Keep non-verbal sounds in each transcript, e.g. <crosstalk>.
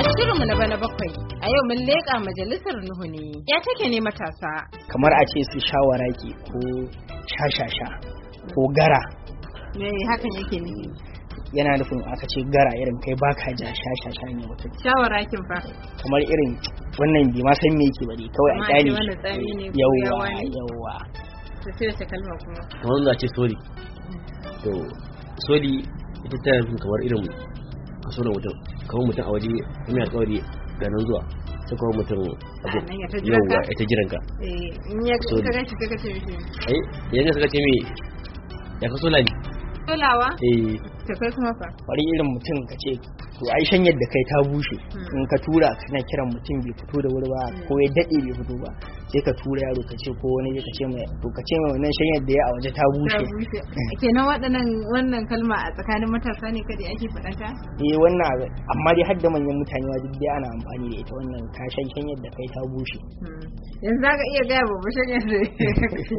A shirinmu na bana bakwai a yau mun leƙa majalisar Nuhu ne ya take ne matasa. Kamar a ce su shawara ki ko shashasha ko gara. Me hakan yake ne Yana nufin aka ce gara irin kai baka ja shashasha ne mutum. Shawarakin fa. Kamar irin wannan bi ma san me yake bane kawai a kyale. Yawwa yawwa. Ta sai wace kalma kuma. Kamar za ce sori. Mm. To sori ita tana kamar irin kaso na mutum kamar mutum a waje ina alƙawari da nan zuwa ta kawo mutum a yau yauwa ita jiran jiranka eh, in ya kaga shi kaga ce mi eh, ya kaso lami Kulawa? Eh. Ta kai kuma fa. Bari irin mutum ka ce to ai shan yadda kai ta bushe hmm. in ka tura kana kiran mutum bai fito da wuri ba hmm. ko ya dade bai fito ba sai ka tura yaro ka ce ko wani ka ce mai to ka ce mai wannan shanyar da ya a waje ta bushe. Kenan waɗannan wannan kalma a tsakanin matasa ne kadai ake faɗa ta? Eh wannan amma dai har da manyan mutane ma duk dai ana amfani da ita wannan ta shanyar da kai ta bushe. Hmm. yanzu za ka iya gaya babbashin yadda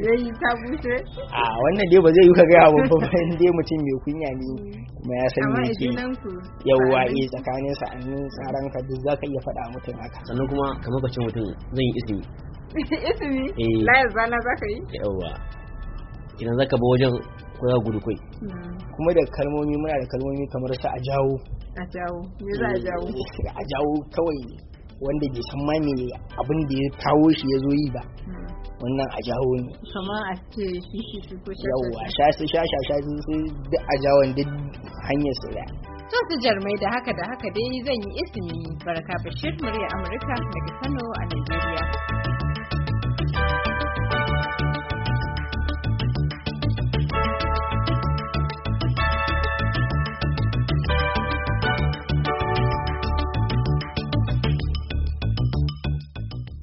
ya yi ta bushe a wannan dai ba zai yi ka gaya babbashin dai mutum mai kunya ne kuma ya san me ke yawwa eh tsakanin sa an tsaran ka duk za ka iya faɗa mutum haka sannan kuma kamar ka ce mutum zan yi izini <laughs> izini eh. layar zana za ka yi yawwa idan za ka ba wajen ko gudu kai hmm. kuma da kalmomi muna da kalmomi kamar sa a jawo a jawo me za a jawo eh, a jawo kawai wanda bai san ma me abin da ya kawo shi ya zo yi ba wannan a jawo ne kamar a ce shi shi su ko sha yawa sha shi sha sha sha su duk a jawon duk hanyar su da to su jarmai da haka da haka dai zan yi ismi barka bashir murya amurka daga kano a